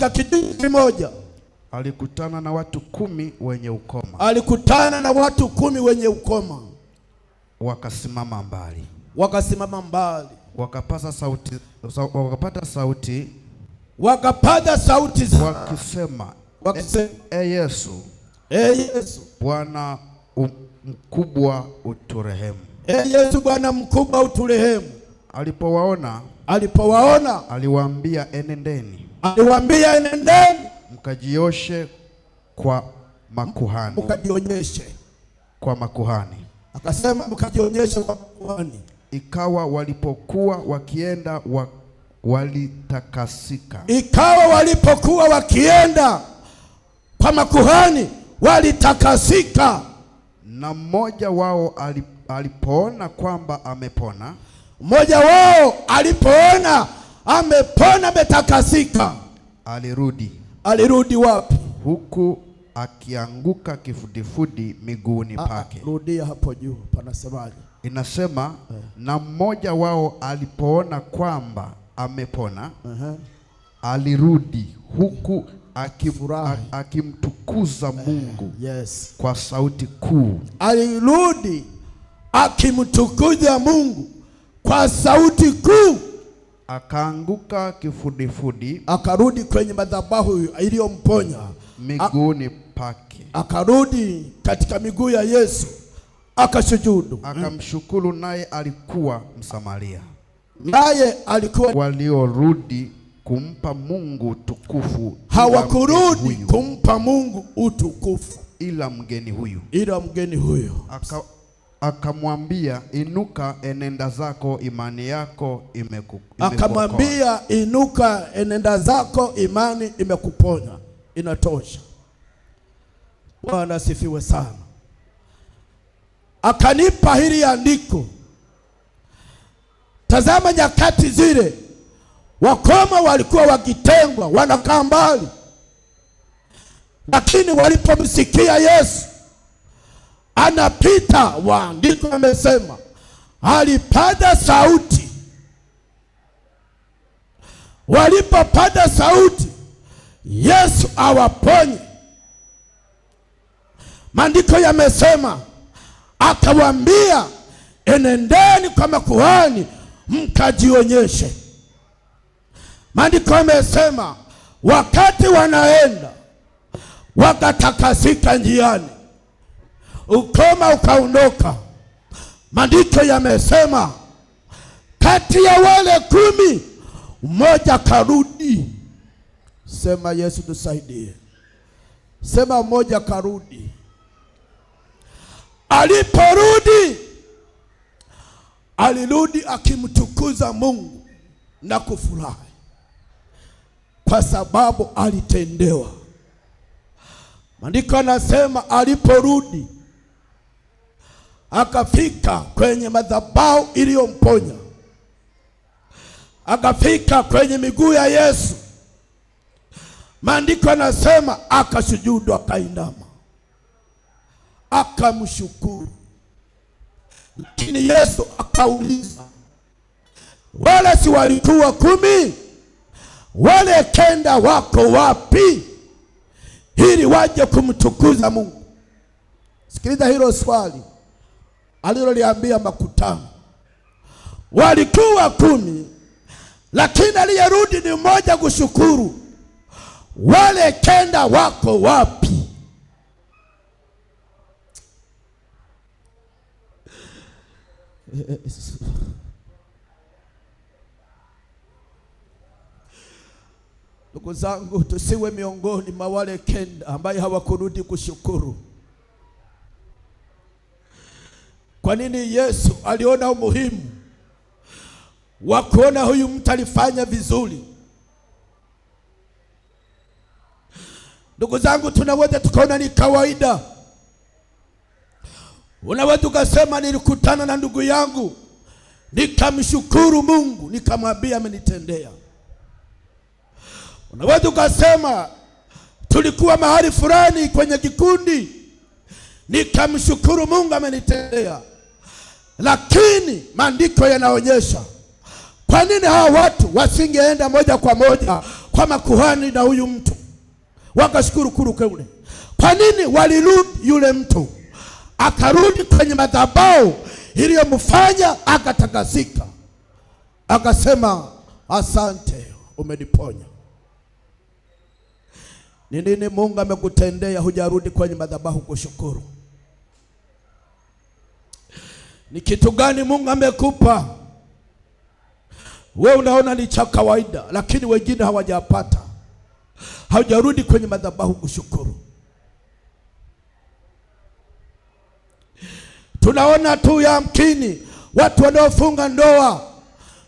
katika kijiji kimoja alikutana na watu kumi wenye ukoma, alikutana na watu kumi wenye ukoma. Wakasimama mbali, wakasimama mbali, wakapata sauti, wakapata sauti, wakapata sauti wakisema, wakisema e, e Yesu, e Yesu, Bwana mkubwa uturehemu, e Yesu, Bwana mkubwa uturehemu. Alipowaona Alipowaona aliwaambia, enendeni. Aliwaambia, enendeni mkajioshe kwa makuhani, mkajionyeshe kwa makuhani. Akasema, mkajionyeshe kwa makuhani. Ikawa walipokuwa wakienda wa, walitakasika. Ikawa walipokuwa wakienda kwa makuhani walitakasika. Na mmoja wao alipoona kwamba amepona mmoja wao alipoona amepona ametakasika, alirudi. Alirudi wapi? Huku akianguka kifudifudi miguuni ah, ah, pake. Rudia hapo juu, panasemaje? Inasema eh, na mmoja wao alipoona kwamba amepona uh -huh, alirudi huku akim, akimtukuza eh, Mungu eh, yes, kwa sauti kuu. Alirudi akimtukuza Mungu kwa sauti kuu, akaanguka kifudifudi, akarudi kwenye madhabahu iliyomponya miguuni pake, akarudi katika miguu ya Yesu akashujudu, akamshukuru, naye alikuwa Msamaria. Naye alikuwa waliorudi kumpa Mungu tukufu, hawakurudi kumpa Mungu utukufu, ila mgeni huyu, ila mgeni huyu aka Akamwambia, inuka enenda zako, imani yako imekuponya. Akamwambia, inuka enenda zako, imani imekuponya. Inatosha. Bwana asifiwe sana. Akanipa hili andiko. Tazama, nyakati zile wakoma walikuwa wakitengwa, wanakaa mbali, lakini walipomsikia Yesu anapita, waandiko amesema alipada sauti. walipopada sauti, Yesu awaponye. Maandiko yamesema akawaambia, enendeni kwa makuhani mkajionyeshe. Maandiko yamesema wakati wanaenda wakatakasika njiani ukoma ukaondoka. Maandiko yamesema kati ya wale kumi mmoja karudi. Sema Yesu tusaidie, sema mmoja karudi. Aliporudi alirudi akimtukuza Mungu na kufurahi kwa sababu alitendewa. Maandiko anasema aliporudi akafika kwenye madhabahu iliyomponya, akafika kwenye miguu ya Yesu. Maandiko yanasema akasujudu, akainama, akamshukuru. Lakini Yesu akauliza, wale si walikuwa kumi? Wale kenda wako wapi, ili waje kumtukuza Mungu? Sikiliza hilo swali aliloliambia makutano. Walikuwa kumi, lakini aliyerudi ni mmoja kushukuru. Wale kenda wako wapi? Ndugu zangu, tusiwe miongoni mwa wale kenda ambaye hawakurudi kushukuru. Kwa nini Yesu aliona umuhimu wa kuona huyu mtu alifanya vizuri? Ndugu zangu, tunaweza tukaona ni kawaida. Unaweza ukasema nilikutana na ndugu yangu nikamshukuru Mungu nikamwambia amenitendea. Unaweza ukasema tulikuwa mahali fulani kwenye kikundi nikamshukuru Mungu amenitendea. Lakini maandiko yanaonyesha kwa nini hawa watu wasingeenda moja kwa moja kwa makuhani na huyu mtu wakashukuru kurukeule? Kwa nini walirudi? Yule mtu akarudi kwenye madhabahu iliyomfanya akatakasika, akasema asante, umeniponya. Ni nini Mungu amekutendea hujarudi kwenye madhabahu kushukuru? Ni kitu gani Mungu amekupa wewe? Unaona ni cha kawaida, lakini wengine hawajapata, haujarudi kwenye madhabahu kushukuru. Tunaona tu yamkini watu wanaofunga ndoa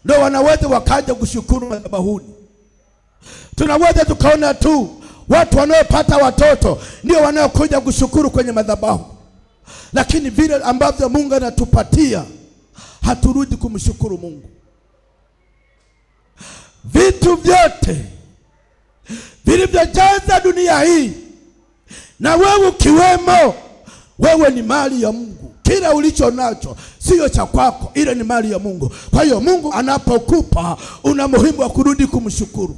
ndo wanaweza wakaja kushukuru madhabahuni. Tunaweza tukaona tu watu wanaopata watoto ndio wanaokuja kushukuru kwenye madhabahu lakini vile ambavyo Mungu anatupatia haturudi kumshukuru Mungu. Vitu vyote vilivyojaza dunia hii na wewe ukiwemo, wewe ni mali ya Mungu. Kila ulicho nacho siyo cha kwako, ile ni mali ya Mungu. Kwa hiyo Mungu anapokupa una muhimu wa kurudi kumshukuru.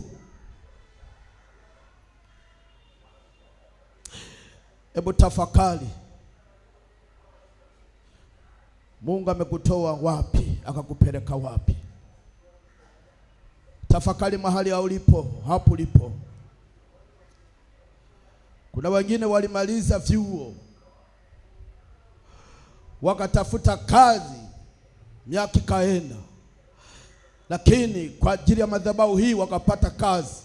Hebu tafakari. Mungu amekutoa wapi akakupeleka wapi? Tafakari mahali ulipo, hapo ulipo. Kuna wengine walimaliza vyuo wakatafuta kazi, miaka ikaenda, lakini kwa ajili ya madhabahu hii wakapata kazi,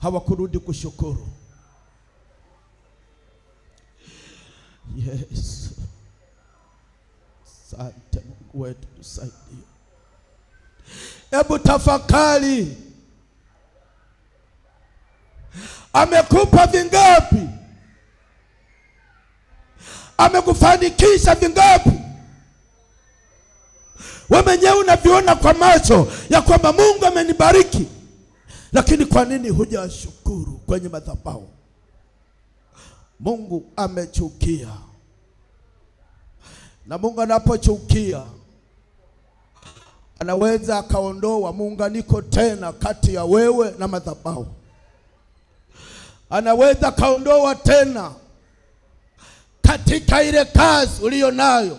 hawakurudi kushukuru. yesu Asante Mungu wetu, tusaidie. Hebu tafakari, amekupa vingapi? Amekufanikisha vingapi? we mwenyewe unaviona kwa macho ya kwamba Mungu amenibariki, lakini kwa nini hujashukuru kwenye madhabahu? Mungu amechukia na Mungu anapochukia anaweza akaondoa muunganiko tena kati ya wewe na madhabahu. Anaweza akaondoa tena katika ile kazi uliyo nayo,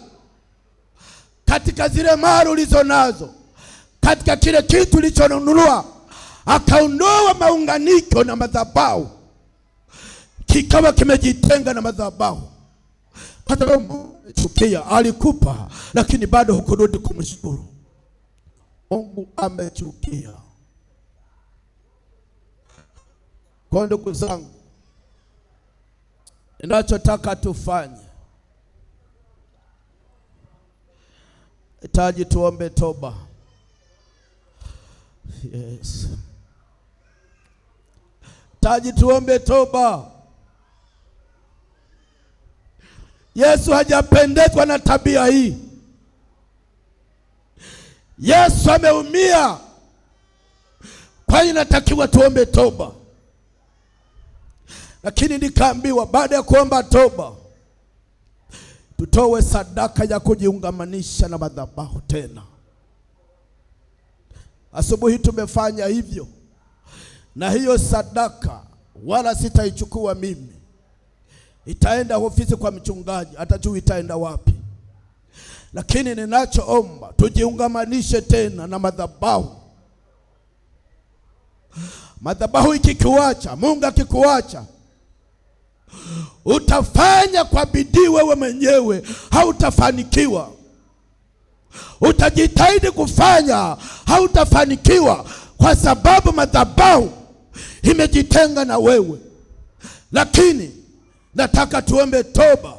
katika zile mali ulizo nazo, katika kile kitu ulichonunua, akaondoa maunganiko na madhabahu, kikawa kimejitenga na madhabahu hata sababu chukia alikupa, lakini bado hukurudi kumshukuru Mungu. Amechukia kwa ndugu zangu, ninachotaka tufanye taji, tuombe toba. Yes, taji, tuombe toba. Yesu hajapendezwa na tabia hii. Yesu ameumia, kwa hiyo inatakiwa tuombe toba. Lakini nikaambiwa baada ya kuomba toba tutoe sadaka ya kujiungamanisha na madhabahu tena. Asubuhi tumefanya hivyo, na hiyo sadaka wala sitaichukua mimi itaenda ofisi kwa mchungaji, atajua itaenda wapi. Lakini ninachoomba tujiungamanishe tena na madhabahu. Madhabahu ikikuacha, Mungu akikuacha, utafanya kwa bidii wewe mwenyewe, hautafanikiwa. Utajitahidi kufanya, hautafanikiwa kwa sababu madhabahu imejitenga na wewe, lakini Nataka tuombe toba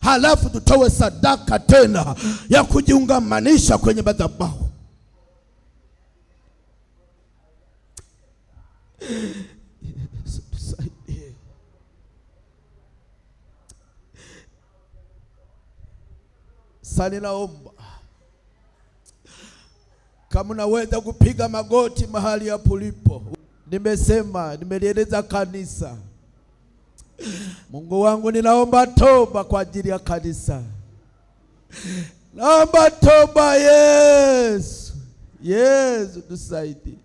halafu tutoe sadaka tena ya kujiungamanisha kwenye madhabahu. Yesu tusaidie. Sasa kama unaweza kupiga magoti mahali hapo ulipo. Nimesema, nimelieleza kanisa Mungu wangu, ninaomba toba kwa ajili ya kanisa. Naomba toba Yesu. Yesu tusaidie.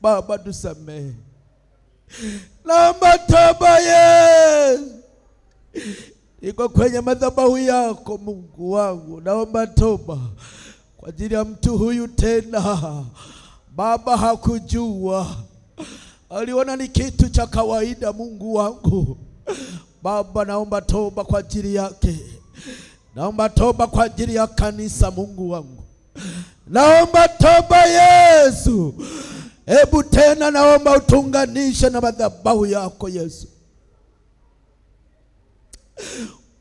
Baba tusamehe. Naomba toba Yesu. Iko kwenye madhabahu yako Mungu wangu, naomba toba kwa ajili ya mtu huyu. Tena Baba, hakujua aliona ni kitu cha kawaida Mungu wangu Baba, naomba toba kwa ajili yake, naomba toba kwa ajili ya kanisa. Mungu wangu, naomba toba Yesu. Hebu tena naomba utunganishe na madhabahu yako Yesu,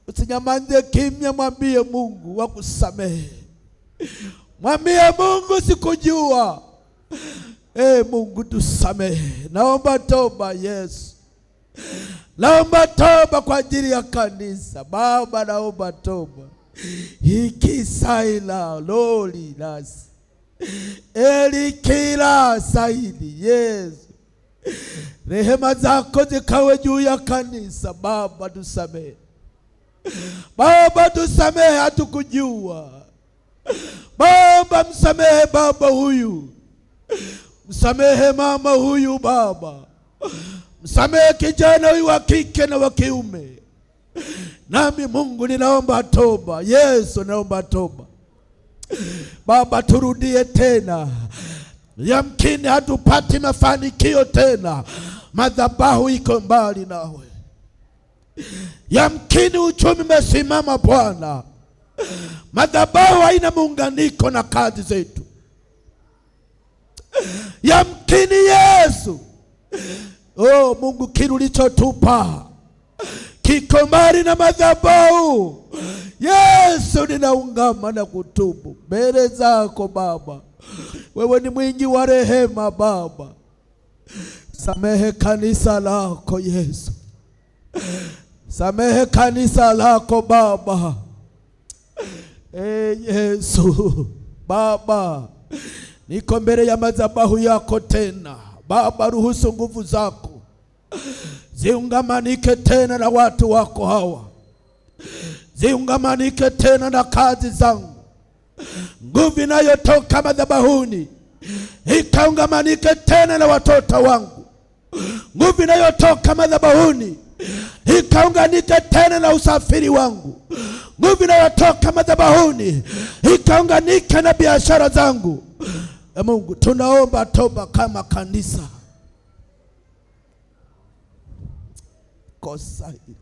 usinyamaze kimya, mwambie Mungu wakusamehe, mwambie Mungu sikujua. ee Mungu tusamehe, naomba toba Yesu. Naomba toba kwa ajili ya kanisa. Baba, naomba toba ikisaila loli nasi elikila saidi Yesu, rehema zako zikawe juu ya kanisa. Baba tusamehe, Baba tusamehe, hatukujua Baba. Msamehe baba huyu, msamehe mama huyu, Baba Msamehe kijana huyu wa kike na wa kiume. Nami Mungu ninaomba toba. Yesu naomba toba. Baba, turudie tena. Yamkini hatupati mafanikio tena, madhabahu iko mbali nawe. Yamkini uchumi umesimama Bwana, madhabahu haina muunganiko na kazi zetu. Yamkini Yesu Oh Mungu, kile ulichotupa kiko mbali na madhabahu. Yesu, ninaungama na kutubu mbele zako Baba. Wewe ni mwingi wa rehema Baba, samehe kanisa lako Yesu, samehe kanisa lako Baba. E Yesu Baba, niko mbele ya madhabahu yako tena Baba, ruhusu nguvu zako ziungamanike tena na watu wako hawa, ziungamanike tena na kazi zangu. Nguvu inayotoka madhabahuni ikaungamanike tena na watoto wangu. Nguvu inayotoka madhabahuni ikaunganike tena na usafiri wangu. Nguvu inayotoka madhabahuni ikaunganike na biashara zangu ya Mungu. Tunaomba toba kama kanisa. Kosa hili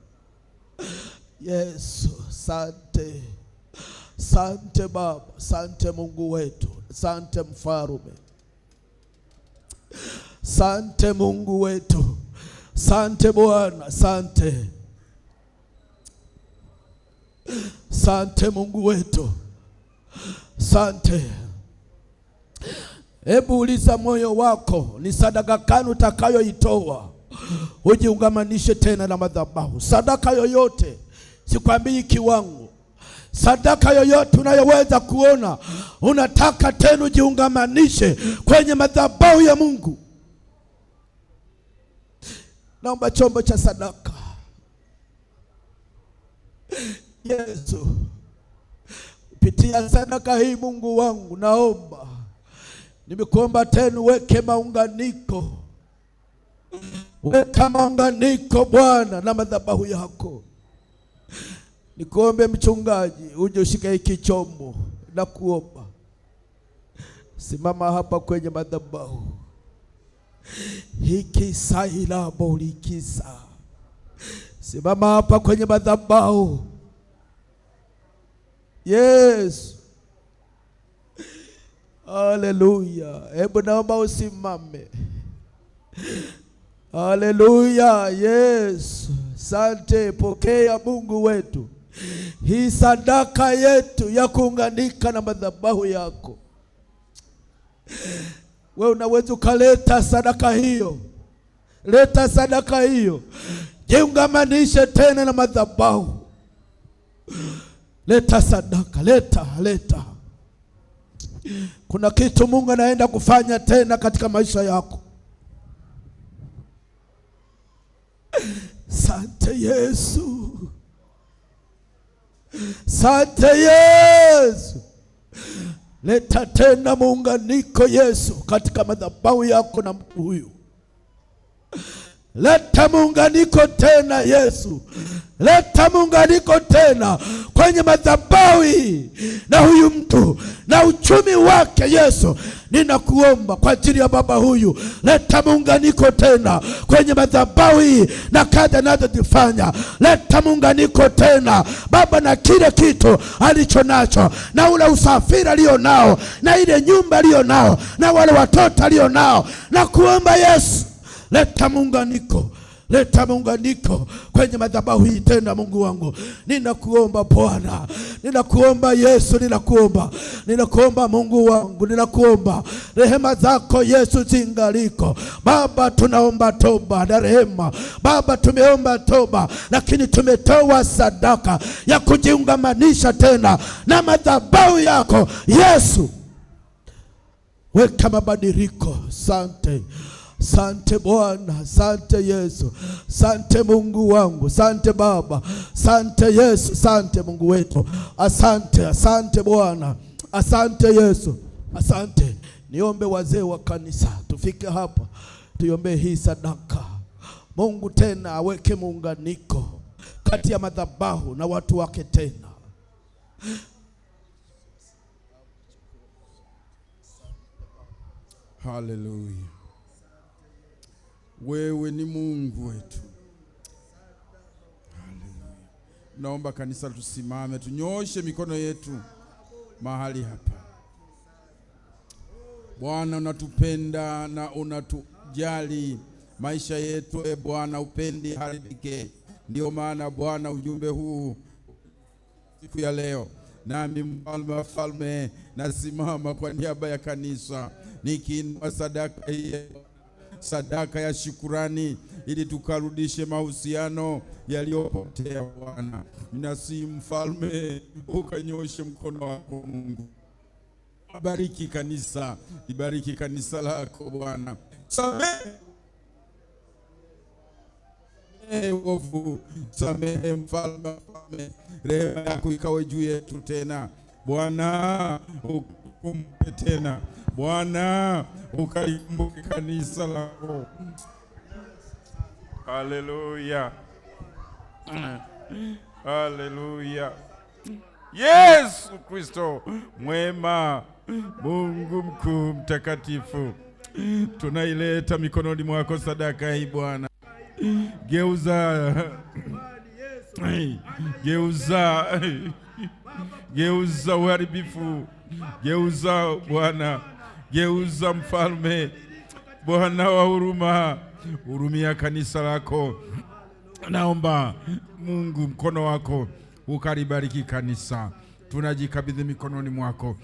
Yesu, sante sante Baba, sante Mungu wetu, sante mfarume, sante Mungu wetu, sante Bwana, sante sante Mungu wetu, sante Hebu uliza moyo wako, ni sadaka gani utakayoitoa? Ujiungamanishe tena na madhabahu. Sadaka yoyote, sikwambii kiwango sadaka yoyote unayoweza kuona unataka tena ujiungamanishe kwenye madhabahu ya Mungu. Naomba chombo cha sadaka. Yesu, kupitia sadaka hii Mungu wangu, naomba Nimekuomba tena uweke maunganiko, weka maunganiko Bwana na madhabahu yako. Nikuombe mchungaji, uje ushike hiki chombo na kuomba. Simama hapa kwenye madhabahu hiki sailabolikisa, simama hapa kwenye madhabahu Yesu Haleluya! Hebu naomba usimame. Haleluya, Yesu, sante. Pokea Mungu wetu hii sadaka yetu ya kuunganika na madhabahu yako. Wewe unaweza ukaleta sadaka hiyo, leta sadaka hiyo, jiungamanishe tena na madhabahu. Leta sadaka, leta leta kuna kitu Mungu anaenda kufanya tena katika maisha yako. Sante Yesu, sante Yesu. Leta tena muunganiko Yesu katika madhabahu yako na mtu huyu. Leta muunganiko tena Yesu, leta muunganiko tena kwenye madhabahu hii na huyu mtu na uchumi wake. Yesu, ninakuomba kwa ajili ya baba huyu, leta muunganiko tena kwenye madhabahu hii na kazi anazozifanya. Leta muunganiko tena Baba, na kile kitu alicho nacho na ule usafiri alio nao na ile nyumba alio nao na wale watoto alio nao, nakuomba Yesu Leta muunganiko leta muunganiko kwenye madhabahu hii tena, Mungu wangu, ninakuomba Bwana, ninakuomba Yesu, ninakuomba ninakuomba Mungu wangu, ninakuomba rehema zako Yesu zingaliko Baba. Tunaomba toba na rehema Baba, tumeomba toba, lakini tumetoa sadaka ya kujiungamanisha tena na madhabahu yako Yesu, weka mabadiliko. Sante. Sante Bwana, sante Yesu, sante Mungu wangu, sante Baba, sante Yesu, sante Mungu wetu, asante, asante Bwana, asante Yesu, asante. Niombe wazee wa kanisa tufike hapa tuiombee hii sadaka. Mungu tena aweke muunganiko kati ya madhabahu na watu wake tena Hallelujah. Wewe ni Mungu wetu. Haleluya. Naomba kanisa tusimame, tunyoshe mikono yetu mahali hapa. Bwana, unatupenda na unatujali maisha yetu. E Bwana, upendi haribike. ndio maana Bwana, ujumbe huu siku ya leo nami mfalme wa falme nasimama kwa niaba ya kanisa nikiinua sadaka hii sadaka ya shukurani, ili tukarudishe mahusiano yaliyopotea. Bwana nasi mfalme, ukanyoshe mkono wako Mungu, bariki kanisa, ibariki kanisa lako Bwana, samehe ovu, samehe mfalme, mfalme, rehema yako ikawe juu yetu tena Bwana, ukumpe tena Bwana ukaikumbuke kanisa lako. Haleluya, haleluya. Yesu Kristo mwema, Mungu mkuu mtakatifu, tunaileta mikononi mwako sadaka hii Bwana, geuza geuza geuza uharibifu, geuza Bwana Geuza mfalme, Bwana wa huruma, hurumia kanisa lako. Naomba Mungu mkono wako ukalibariki kanisa, tunajikabidhi mikononi mwako.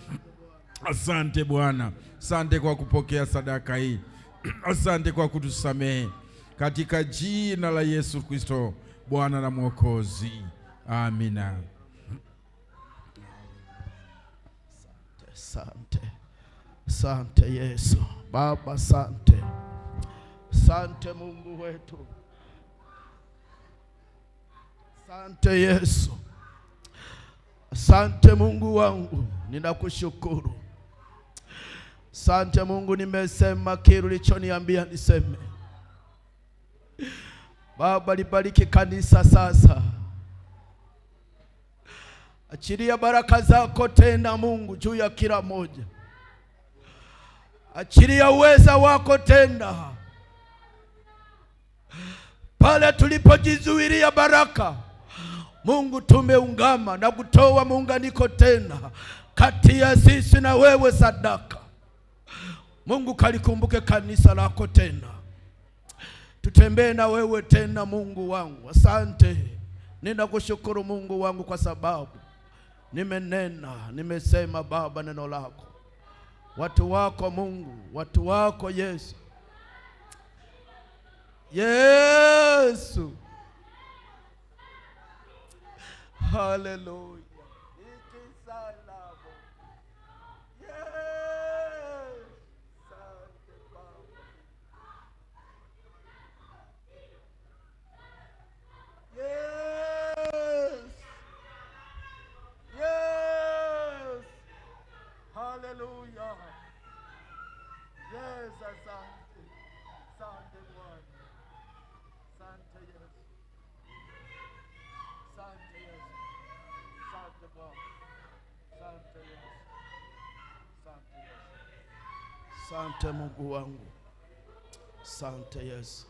Asante Bwana, asante kwa kupokea sadaka hii, asante kwa kutusamehe katika jina la Yesu Kristo Bwana na Mwokozi, amina. Asante. Sante Yesu Baba, sante, sante Mungu wetu, sante Yesu, sante Mungu wangu, ninakushukuru. Sante Mungu, nimesema kile ulichoniambia niseme. Baba, libariki kanisa sasa, achilia baraka zako tena Mungu juu ya kila moja achilia uweza wako tena pale tulipojizuilia baraka. Mungu, tumeungama na kutoa muunganiko tena kati ya sisi na wewe, sadaka. Mungu, kalikumbuke kanisa lako tena, tutembee na wewe tena. Mungu wangu, asante, ninakushukuru Mungu wangu kwa sababu nimenena, nimesema Baba neno lako watu wako Mungu, watu wako Yesu. Yesu, Hallelujah. Sante Mungu wangu, sante Yesu,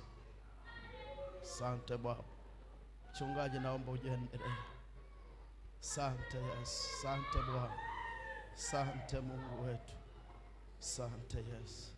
sante Baba. Mchungaji, naomba ujiendelee. Sante Yesu, sante Bwana, sante Mungu wetu, sante Yesu.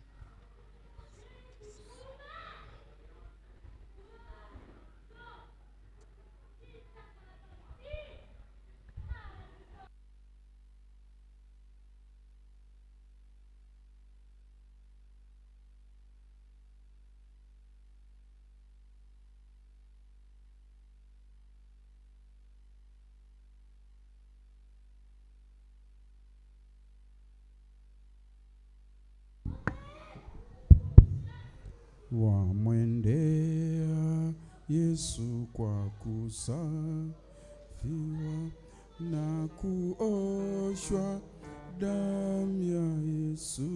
wamwendea Yesu kwa kusafiwa na kuoshwa damu ya Yesu.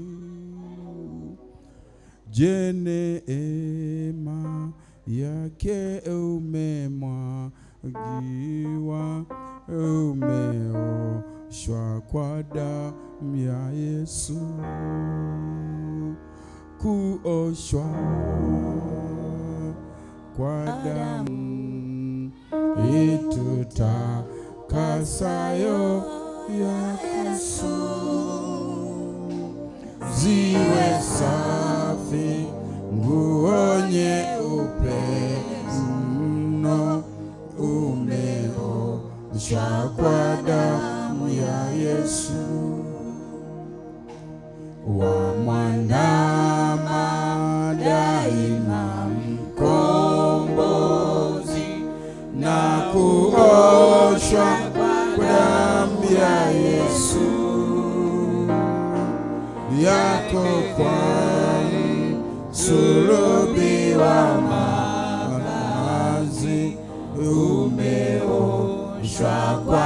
Je, neema yake umemwagiwa, umeoshwa kwa damu ya Yesu kuoshwa kwa damu itutakasayo ya Yesu, ziwe safi nguo nyeupe mno, umeoshwa kwa damu ya Yesu wa mwana mkokoni, sulubiwa mamazi, umeoshwa kwa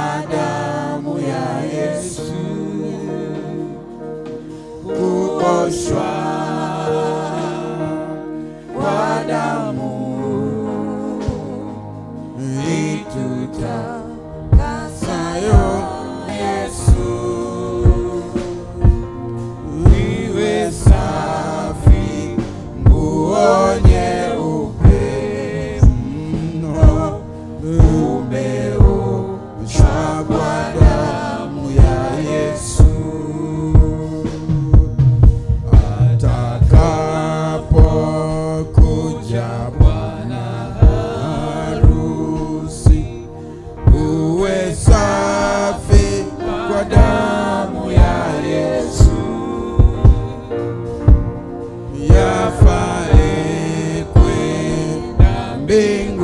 Amém.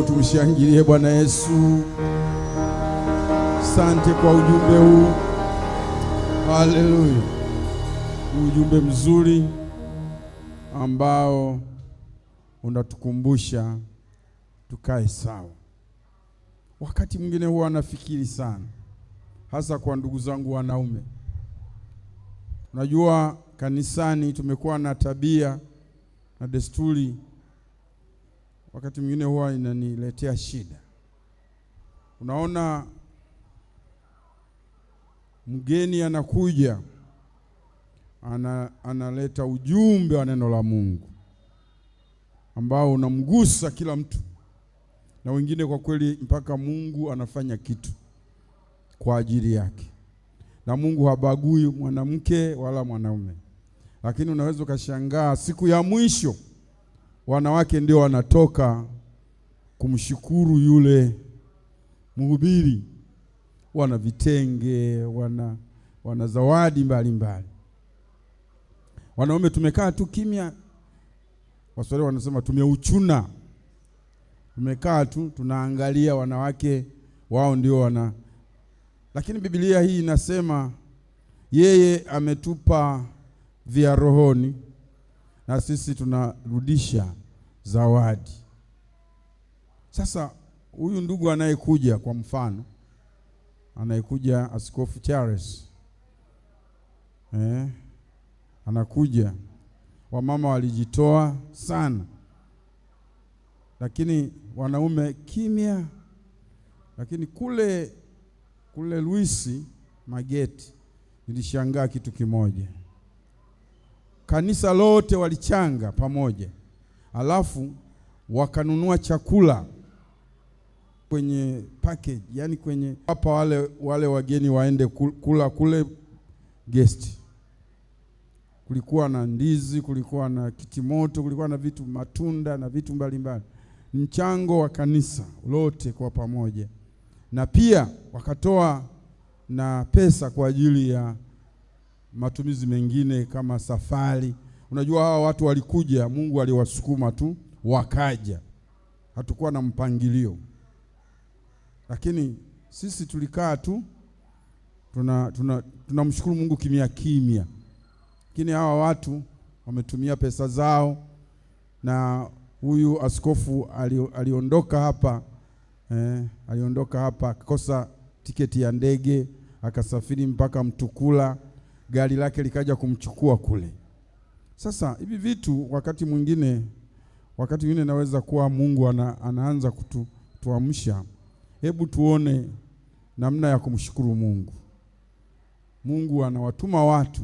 tumshangilie Bwana Yesu. Sante kwa ujumbe huu, haleluya. Ujumbe mzuri ambao unatukumbusha tukae sawa. Wakati mwingine huwa nafikiri sana, hasa kwa ndugu zangu wanaume. Unajua, kanisani tumekuwa na tabia na desturi wakati mwingine huwa inaniletea shida. Unaona, mgeni anakuja ana, analeta ujumbe wa neno la Mungu ambao unamgusa kila mtu, na wengine kwa kweli mpaka Mungu anafanya kitu kwa ajili yake, na Mungu habagui mwanamke wala mwanaume, lakini unaweza ukashangaa siku ya mwisho wanawake ndio wanatoka kumshukuru yule mhubiri, wana vitenge, wana wana zawadi mbalimbali. Wanaume tumekaa tu kimya, Waswahili wanasema tumeuchuna, tumekaa tu tunaangalia wanawake, wao ndio wana. Lakini Biblia hii inasema yeye ametupa vya rohoni na sisi tunarudisha zawadi. Sasa huyu ndugu anayekuja, kwa mfano, anayekuja Askofu Charles eh, anakuja, wamama walijitoa sana, lakini wanaume kimya. Lakini kule kule Luisi Mageti nilishangaa kitu kimoja kanisa lote walichanga pamoja, alafu wakanunua chakula kwenye package, yani kwenye hapa, wale wale wageni waende kula kule gesti. Kulikuwa na ndizi, kulikuwa na kitimoto, kulikuwa na vitu matunda na vitu mbalimbali mbali. Mchango wa kanisa lote kwa pamoja, na pia wakatoa na pesa kwa ajili ya matumizi mengine kama safari. Unajua, hawa watu walikuja, Mungu aliwasukuma tu wakaja, hatukuwa na mpangilio, lakini sisi tulikaa tu tunamshukuru tuna, tuna Mungu kimya kimya, lakini hawa watu wametumia pesa zao, na huyu askofu ali, aliondoka hapa eh, aliondoka hapa akakosa tiketi ya ndege akasafiri mpaka Mtukula gari lake likaja kumchukua kule. Sasa hivi vitu wakati mwingine, wakati mwingine naweza kuwa Mungu ana, anaanza kutuamsha. Hebu tuone namna ya kumshukuru Mungu. Mungu anawatuma watu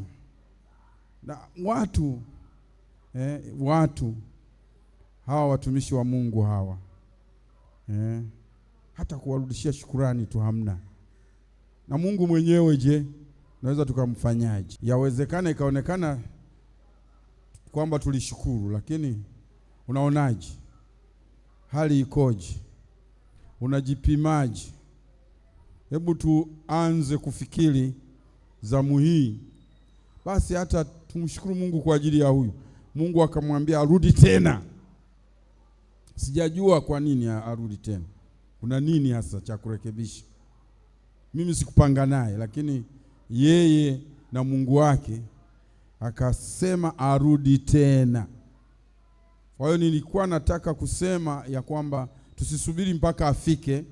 na watu eh, watu hawa watumishi wa Mungu hawa eh, hata kuwarudishia shukurani tu hamna. Na Mungu mwenyewe je? naweza tukamfanyaje? Yawezekana ikaonekana kwamba tulishukuru, lakini unaonaje? Hali ikoje? Unajipimaje? Hebu tuanze kufikiri zamu hii basi, hata tumshukuru Mungu kwa ajili ya huyu. Mungu akamwambia arudi tena, sijajua kwa nini arudi tena. Kuna nini hasa cha kurekebisha? Mimi sikupanga naye, lakini yeye na Mungu wake, akasema arudi tena. Kwa hiyo nilikuwa nataka kusema ya kwamba tusisubiri mpaka afike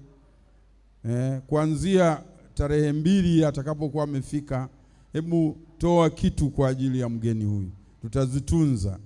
eh, kuanzia tarehe mbili atakapokuwa amefika, hebu toa kitu kwa ajili ya mgeni huyu, tutazitunza